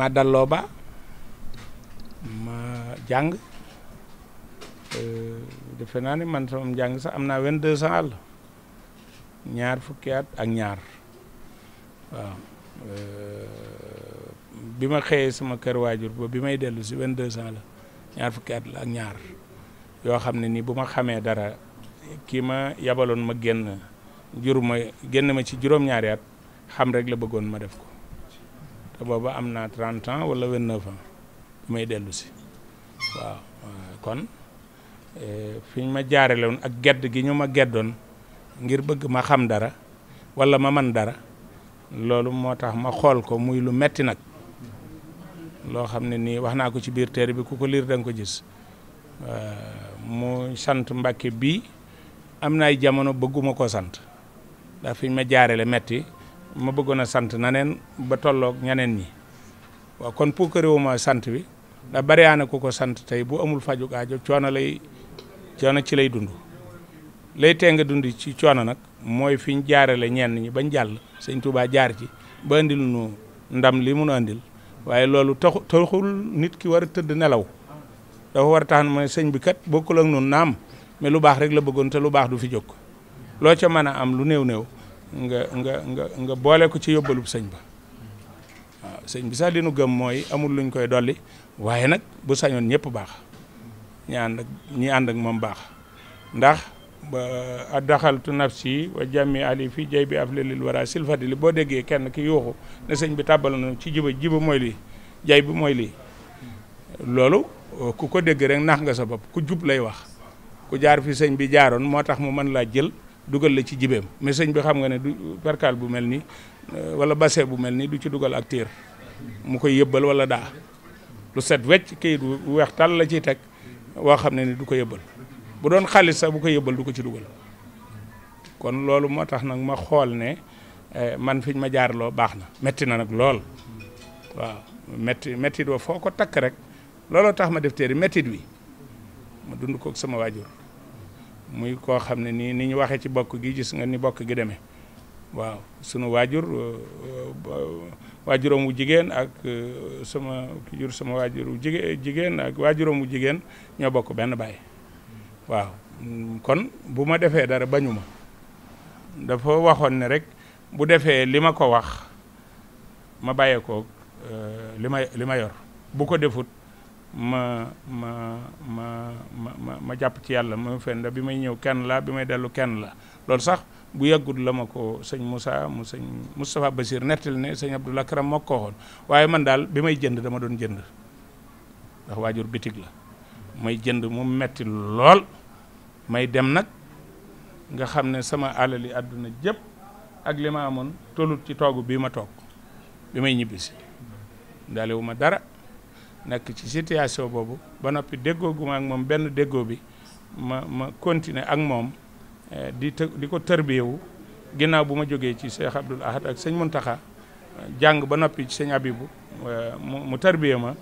ma dalloo ba ma jàng euh, defe naa ne man sama njàng sax am naa vingt deux ans ñaar fukki at ak ñaar waaw euh, bi ma xëyee suma kër waajur ba bi may dellu si vingt deux ans la ñaar fukki at la ak ñaar yoo xam ne nii bu ma xamee dara kii ma yabaloon ma génn jur ma génn ma ci juróom-ñaari at xam rek la bëggoon ma def ko te booba am naa trente ans wala vingt neuf ans bi may dellu si waaw kon eh, fi ma jaarale woon ak gedd gi ñu ma geddoon ngir bëgg ma xam dara walla ma man dara loolu moo tax ma xool ko muy lu metti nag loo xam ne nii wax naa ko ci biir téere bi ku ko liir da ko gis eh, mu sant Mbàkke bii am na ay jamono bëgguma ko sant ndax fi ñu ma jaarale metti ma bëggoon a sant naneen ba tollook ñaneen ñi waaw kon puukarewuma sant bi da bariyaana ko ko sant tey bu amul fajug aajo coono lay coono ci lay dund lay tee nga dund ci coono nag mooy fi ñu jaarale ñenn ñi bañ jàll sëñ Tuubaa jaar ci ba andil nu ndam li mun a andil waaye loolu taxu taxul nit ki war a tëdd nelaw dafa war a tax mooy sëñ bi kat bokkul ak nun naam mi lu baax rek la bëggoon te lu baax du fi jóg loo ca mën a am lu néew-néew. nga nga nga nga boole ko ci yóbbalub sëñ ba waaw sëñ bi sax li nu gëm mooy amul luñ koy dolli waaye nag bu sañoon ñëpp baax ñi ànd ak ñi ànd ak moom baax ndax ba addaxaltu nafsi wa jàmmi ali fi jay bi af lilil wara silfadili boo déggee kenn ki yuuxu ne sëñ bi tàbbal na ci jiba jiba mooy lii jay bi mooy lii loolu ku ko dégg rek nax nga sa bopp ku jub lay wax ku jaar fi sëñ bi jaaroon moo tax mu mën laa jël dugal la ci jibeem mais sëñ bi xam nga ne du percal bu mel ni euh, wala bassin bu mel ni du ci dugal ak tiir mu koy yëbbal wala daa lu set wecc kayit bu weex tàll la ci teg woo xam ne ni du ko yëbbal bu doon xaalis sax bu ko yëbbal du ko ci dugal kon loolu moo tax nag ma xool ne eh, man fiñ ma jaarloo baax na metti na nag lool waaw metti mettit wa foo ko takk rek looloo tax ma def yi mettit wi ma dund kook sama waajur muy koo xam ne nii ni ñu waxee ci bokk gi gis nga ni bokk gi demee waaw sunu waajur euh, euh, waajuram wu jigéen ak euh, sama ki jur sama waajur wu jigéen ak waajuram wu jigéen ñoo bokk benn baay waaw kon bu ma defee dara bañuma ma dafa waxoon ne rek bu defee li ma ko wax ma bàyyee ko li ma li ma yor bu ko defut ma ma ma ma ma jàpp ci yàlla ma fen da bi may ñëw kenn laa bi may dellu kenn la loolu sax bu yàggut la ma ko sëñ Moussa mu sëñ Moustapha Basir nettali ne sëñ Abdoul Akram moo ko waxoon waaye man daal bi may jënd dama doon jënd ndax waajur bitig la may jënd mu metti lool may dem nag nga xam ne sama alali àdduna jëpp ak li ma amoon tollut ci toogu bii ma toog bi may ñibbisi daalewu dara nekk ci situation boobu ba noppi déggoo gu ma ak moom benn déggoo bi ma ma continuer ak moom eh, di të di ko tërbiyewu ginnaaw bu ma jógee ci Cheikh Abdoul Ahad ak sëñ taxa jàng ba noppi ci sëñ Abibu eh, mu mu tërbiye ma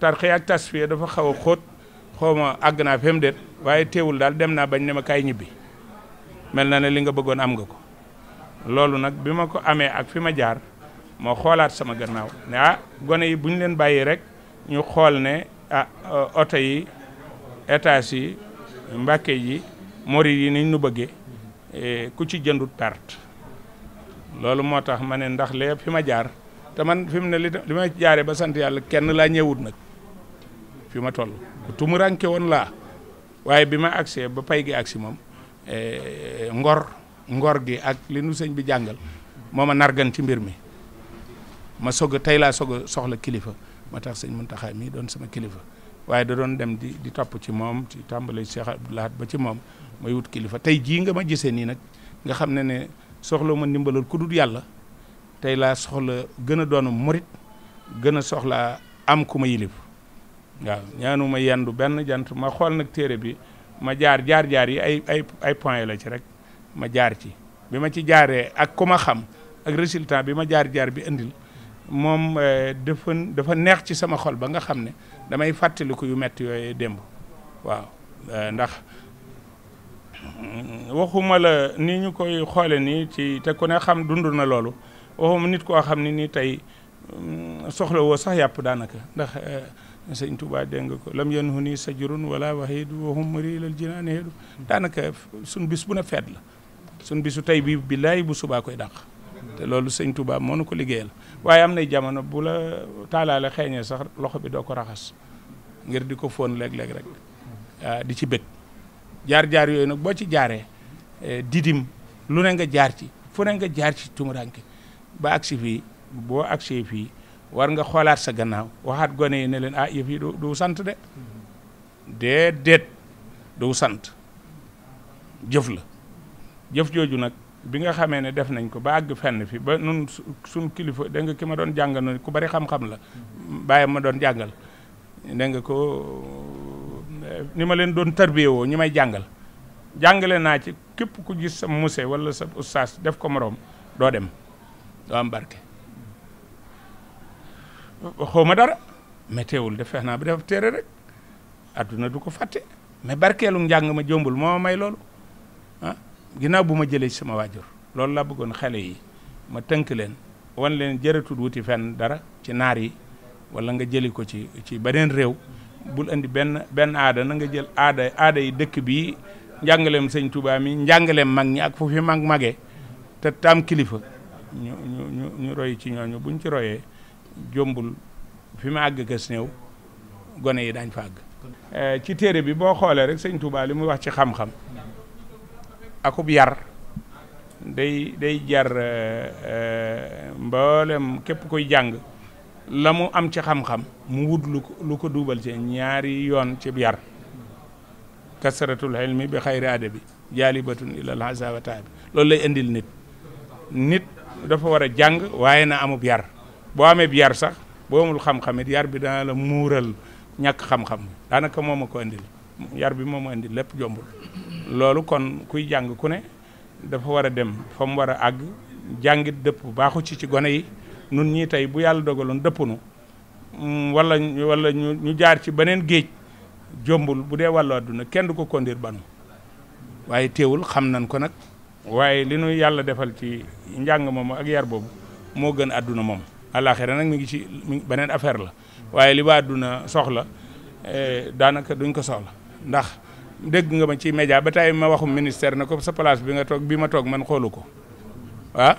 tarxi ak tasfiya dafa xaw a xóot xaw ma àgg naa fi mu déet waaye teewul daal dem naa bañ ne ma kaay ñibbi mel na ne li nga bëggoon am nga ko loolu nag bi ma ko amee ak fi ma jaar moo xoolaat sama gannaaw ne ah gone yi bu leen bàyyi rek. ñu xool ne ah euh, oto yi étage yi mbàkke yi morit yi niñ nu bëggee eh, ku ci jëndu perte loolu moo tax ma ne ndax lépp fi ma jaar te man fi mu ne li ma jaaree ba sant yàlla kenn laa ñëwut nag fi ma toll ku woon laa waaye bi ma agsee ba pay gi agsi moom eh, ngor ngor gi ak li nu sëñ bi jàngal moo ma nargan ci mbir mi ma sog a tey laa sog a soxla kilifa moo tax sëñ Muntaxa mii doon sama kilifa waaye da doon dem di di topp ci moom ci tàmbali Cheikh Abdou ba ci moom mooy wut kilifa tey jii nga ma gisee nii nag nga xam ne ne soxla ma ndimbalal ku dul yàlla tey laa soxla gën a doon murit gën a soxlaa am ku ma yilif waaw ñaanu ma yendu benn jant ma xool nag téere bi ma jaar jaar jaar yi ay ay ay point la ci rek ma jaar ci bi ma ci jaaree ak ku ma xam ak résultat bi ma jaar jaar bi indil moom euh, dafa dafa neex ci sama xol ba nga xam ne damay fàttaliku yu metti yooyu démb waaw euh, ndax mm, waxuma la ni ñu koy xoole nii ci te ku ne xam dund na loolu waxuma nit koo xam ne nii tey mm, soxla woo sax yàpp daanaka ndax euh, sëñ Tuubaa dégg nga ko lam yanhu nii sajurun wala waxidu waxum mari lal jinaan heedu daanaka suñ bis bu na feet la suñ bisu tey bi billaay bu subaa koy dàq loolu sëñ Touba moo nu ko liggéeyal waaye am nay jamono bu la taalaale xeeñee sax loxo bi doo ko raxas ngir di ko fóon léeg-léeg rek ah, di ci bëgg jaar-jaar yooyu nag boo ci jaaree eh, didim lu ne nga jaar ci fu ne nga jaar ci tumuraanke ba agsi fii boo agsee fii war nga xoolaat sa gannaaw waxaat gone yi ne leen ah yëf yi du du sant de déedéet du sant jëf la jëf jooju nag bi nga xamee ne def nañ ko ba àgg fenn fi ba nun suñ kilifa da ki ma doon jàngal noonu ku bari xam-xam la bàyyi ma doon jàngal da nga ko eh, ni ma leen doon tarbiye woo ñi may jàngal jàngale naa ci képp ku gis sa musée wala sa ustaas def ko moroom doo dem doo am barke xaw ma dara mais teewul def fex naa ba def téere rek adduna du ko fàtte mais barkeelu njàng ma jombul moo may loolu ginnaaw bu ma jëlee ci sama waajur loolu laa bëggoon xale yi ma tënk leen wan leen jëratul wuti fenn dara ci naar yi wala nga jëli ko ci ci beneen réew bul indi benn benn aada na nga jël aada aada yi dëkk bii njàngaleem sëñ Touba mi njàngaleem mag ñi ak fu fi mag magee te tam kilifa ñu ñu roy ci ñooñu buñ ci royee jombul fi ma àgg kës néew gone yi dañ fa àgg. Eh, ci téere bi boo xoolee rek sëñ Touba li muy wax ci xam-xam. akub yar day day jar eh, eh, mboolem képp koy jàng la mu am ci xam mu wut luko lu ko duubal ci ñaari yoon ci yar kasaratul xilmi bi xayri adabi jaalibatun ilal hasa wa taabi loolu lay indil nit nit dafa war a jàng waaye na amub yar boo amee yar sax boo amul xam yar bi dana la muural ñàkk xam-xam daanaka moom a ko yar bi moom a indil lépp jombul loolu kon kuy jàng ku ne dafa war a dem fa mu war a àgg jàngit dëpp baaxu ci ci gone yi nun ñii tey bu yàlla dogaloon dëppunu walla mm, wala ñu jaar ci beneen géej jombul bu dee wàllu àdduna kenn du ko kondir banu waaye teewul xam nañ ko nag waaye li nu yàlla defal ci njàng moom ak yar boobu moo gën àdduna moom àllaaxira nag mi ngi ci beneen affaire la waaye li ba àdduna soxla eh, daanaka duñ ko soxla ndax dégg nga ma ci média ba tay ma waxum ministère na ko sa place bi nga toog bi ma toog man xoolu ko ah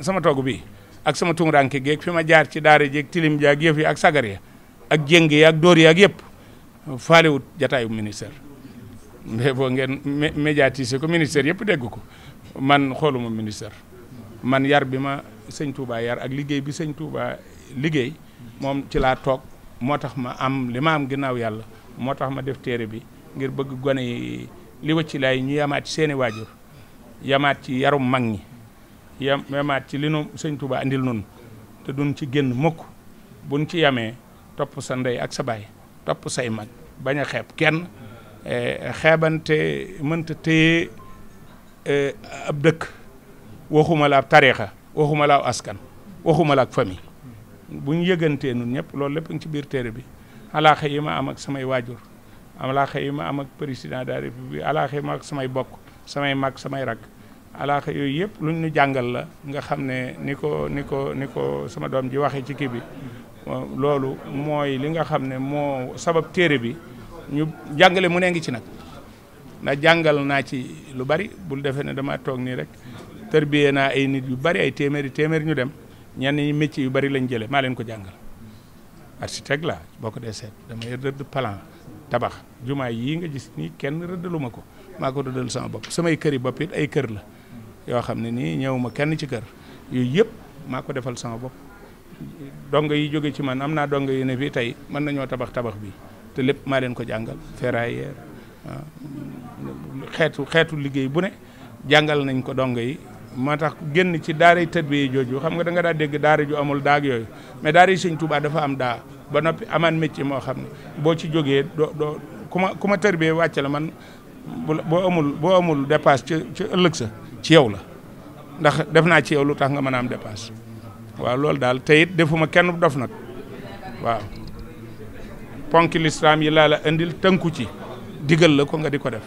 sama toog bi ak sama tumuranke geeg fi ma jaar ci daara jeeg tilim jaag yëf yi ak sagar ya ak jéng yi ak dóor yi ak yëpp faalewut jataayu ministère mais boo ngeen médiatiser ko ministère yëpp dégg ko man xooluma ministère man yar bi ma sëñ Touba yar ak liggéey bi sëñ Touba liggéey moom ci laa toog moo tax ma am li ma am ginnaaw yàlla moo tax ma def téere bi ngir bëgg gone yi li wacci lay ñu yamaat ci seeni waajur yamaat ci yarum mag ñi yamaat ci li nu sëñ Touba andil noonu te duñ ci génn mukk buñ ci yamee topp sa ndey ak sa baay topp say mag bañ a xeeb kenn eh, xeebante mënta téye eh, ab dëkk waxuma la ab tariixa waxuma la ab askan waxuma la ak famille bu ñu yëgantee nun ñëpp loolu lépp ngi ci biir téere bi alaaxa yi ma am ak samay waajur alaaxa yi ma am ak président de la république alaaxa yi ma samay bokk samay mag samay rak alaax yooyu yëpp luñ ñu jàngal la nga xam ne ni ko ni ko ni ko sama doom ji waxee ci kii bi loolu mooy li nga xam ne moo sabab téere bi ñu jàngale mu ne ngi ci nag ndax jàngal naa ci lu bari bul defee ne dama toog nii rek tërbiyee naa ay nit yu bari ay téeméeri téeméer ñu dem ñenn ñi métier yu bari lañ jëlee maa leen ko jàngal architecte la boo ko dee seet dama rëdd plan tabax jumaa yii nga gis nii kenn rëddaluma ko maa ko rëddal sama bopp samay kër yi bopp ay kër la yoo xam ne nii ñëw ma kenn ci kër yooyu yëpp maa ko defal sama bopp dong yi jóge ci man am naa donga yi ne fii tey mën nañoo tabax tabax bi te lépp maa leen ko jàngal ferrailleur ah, xeetu xeetu liggéey bu ne jàngal nañ ko dong yi moo tax génn ci daaray tëdd bi jooju xam nga danga nga daa dégg daara ju amul daag yooyu mais daara yi Sëñ Tuubaa dafa am daa ba noppi amaan métier moo xam ne boo ci jógee doo doo ku ma ku ma tërbee wàcce la man boo amul boo amul dépasse ci ci ëllëg sa ci yow la ndax def naa ci yow lu tax nga mën a am dépasse waaw loolu daal te it defuma kenn dof nag waaw ponki yi laa la indil tënku ci digal la ko nga di ko def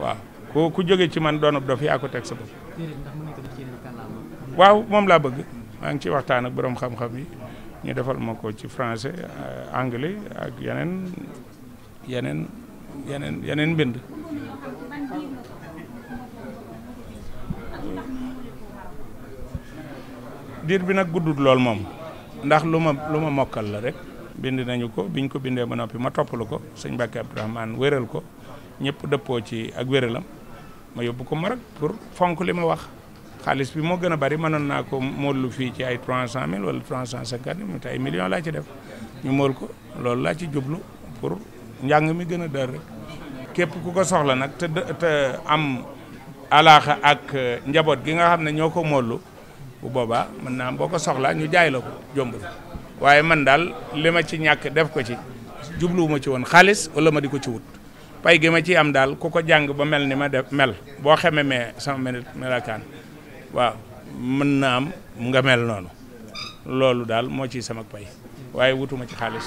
waaw ku ku jóge ci man doonub dof yaa ko teg sa bopp waaw moom laa bëgg maa ngi ci waxtaan ak borom xam-xam yi ñu defal ma ko ci français euh, anglais ak yeneen yeneen yeneen yeneen mbind diir bi nag guddut lool moom ndax lu ma lu ma mokkal la rek bind nañu ko biñ ko bindee ba noppi ma toppalu ko sëñ Mbàkke Abdourahmane wéral ko ñépp dëppoo ci ak wéralam ma yóbbu ko Maroc pour fonk li ma wax xaalis bi moo gën a bari mënoon naa ko moolu fii ci ay trois cent mille wala trois cent cinquante mille te ay millions laa ci def ñu mool ko loolu laa ci jublu pour njàng mi gën a dër rek képp ku ko soxla nag te te am alaaxa ak euh, njaboot gi nga xam ne ñoo ko moolu bu boobaa mën naa boo ko soxlaa ñu jaay la ko jombul waaye man daal li ma ci ñàkk def ko ci jubluwuma ci woon xaalis wala ma di ko ci wut pay gi ma ci am daal ku ko jàng ba mel ni ma def mel boo xeme mee sama melakaan waaw mën na am nga mel noonu loolu daal moo ciy sama pay waaye wutuma ci xaalis